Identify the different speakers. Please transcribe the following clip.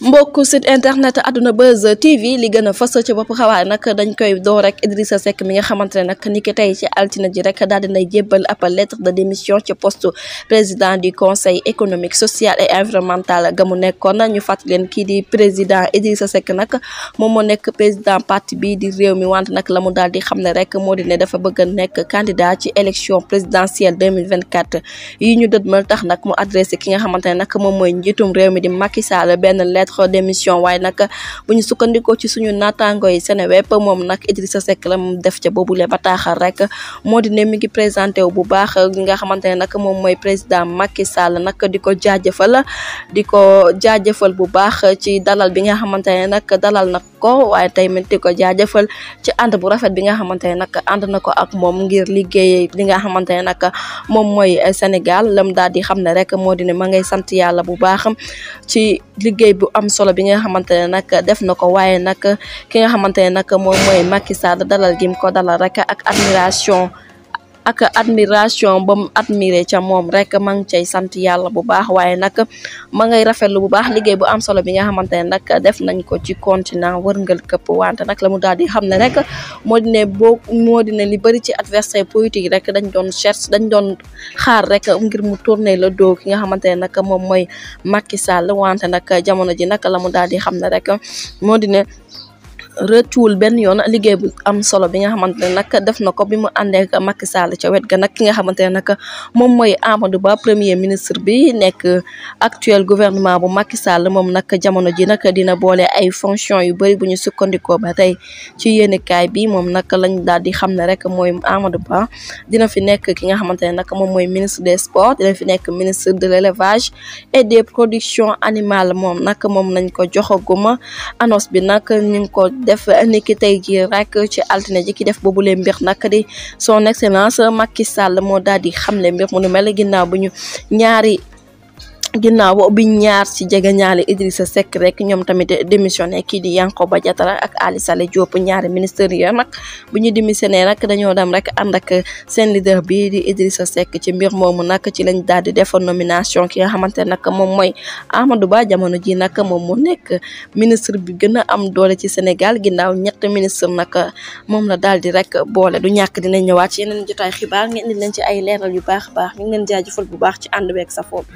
Speaker 1: mbokk site internet Adouna Buzz TV li gën a fës ci bopp xawaar nag dañ koy doo rek Idrissa Seck mi nga xamante ne nag ni tey ci altine ji rek daal dinay jébbal ab lettre de démission ci post président du conseil économique social et environnemental ga mu nekkoon ñu fàttali leen kii di président Idrissa Seck nag moom moo nekk président parti bi di réew mi wante nag la mu daal di xam ne rek moo di ne dafa bëgg a nekk candidat ci élection présidentielle 2024 yi ñu dëdmal tax nag mu adressé ki nga xamante ne nag moom réew mi di Macky Sall benn lettre lettre démission waaye nag bu ñu sukkandikoo ci suñu naataango yi Seneweb moom nag Idrissa Seck la mu def ca boobu boobule bataaxal rek moo di ne mi ngi présenté wu bu baax nga xamante ne nag moom mooy président Macky Sall nag di ko jaajëfal di ko jaajëfal bu baax ci dalal bi nga xamante ne nag dalal na ko waaye tey mit ko jaajëfal ci ànd bu rafet bi nga xamante ne nag ànd na ko ak moom ngir liggéey li nga xamante ne nag moom mooy Sénégal lam daal di xam ne rek moo di ma ngay sant yàlla bu baax ci liggéey am solo bi nga xamante ne nag def na ko waaye nag ki nga xamante ne nag moom mooy Macky dalal gim ko dalal rek ak admiration ak admiration ba mu admiré ca moom rek ma ngi cay sant yàlla bu baax waaye nag ma ngay rafetlu bu baax liggéey bu am solo bi nga xamante ne nag def nañ ko ci continent wërngal këpp wante nag la mu daal di xam ne rek moo di boo moo di ne li bëri ci adversaire politique rek dañ doon cherche dañ doon xaar rek ngir mu tourner la dos ki nga xamante ne nag moom mooy Macky Sall wante nag jamono ji nag la mu daal di xam ne rek moo di rëccuwul benn yoon liggéey bu am solo bi nga xamante ne nag def na ko bi mu àndee ak Macky Sall ca wet ga nag ki nga xamante ne nag moom mooy Amadou Ba premier ministre bi nekk actuel gouvernement bu Macky Sall moom nag jamono ji nag dina boole ay fonction yu bëri bu ñu sukkandikoo ba tey ci yéenekaay bi moom nag lañ daal di xam ne rek mooy Amadou Ba dina fi nekk ki nga xamante ne nag moom mooy ministre des sports dina fi nekk ministre de l'élevage et des productions animales moom nag moom nañ ko joxaguma annonce bi nag ñu ngi ko def niki tey jii rek ci altine ji ki def boobule mbir nag di son excellence Macky Sall moo daal di xamle mbir mu nu mel ginnaaw bu ñu ñaari. ginnaaw bi ñaar ci jegeñaale Idrissa sekk rek ñoom tamit démissionné kii di ba Diatara ak Ali Sale Diop ñaari ministère ya nag bu ñu démissionné nag dañoo dem rek ànd ak seen leader bi di Idrissa Seck ci mbir moomu nag ci lañ daal di defoon nomination ki nga xamante nag moom ama du Ba jamono ji nag moom mu nekk ministre bi gën a am doole ci Sénégal ginnaaw ñett ministre nag moom la daal di rek boole du ñàkk dina ñëwaat ci yeneen jotaay xibaar ngeen indi leen ci ay leeral yu baax a baax ñu ngi leen jaajëfal bu baax ci ànd week sa foofu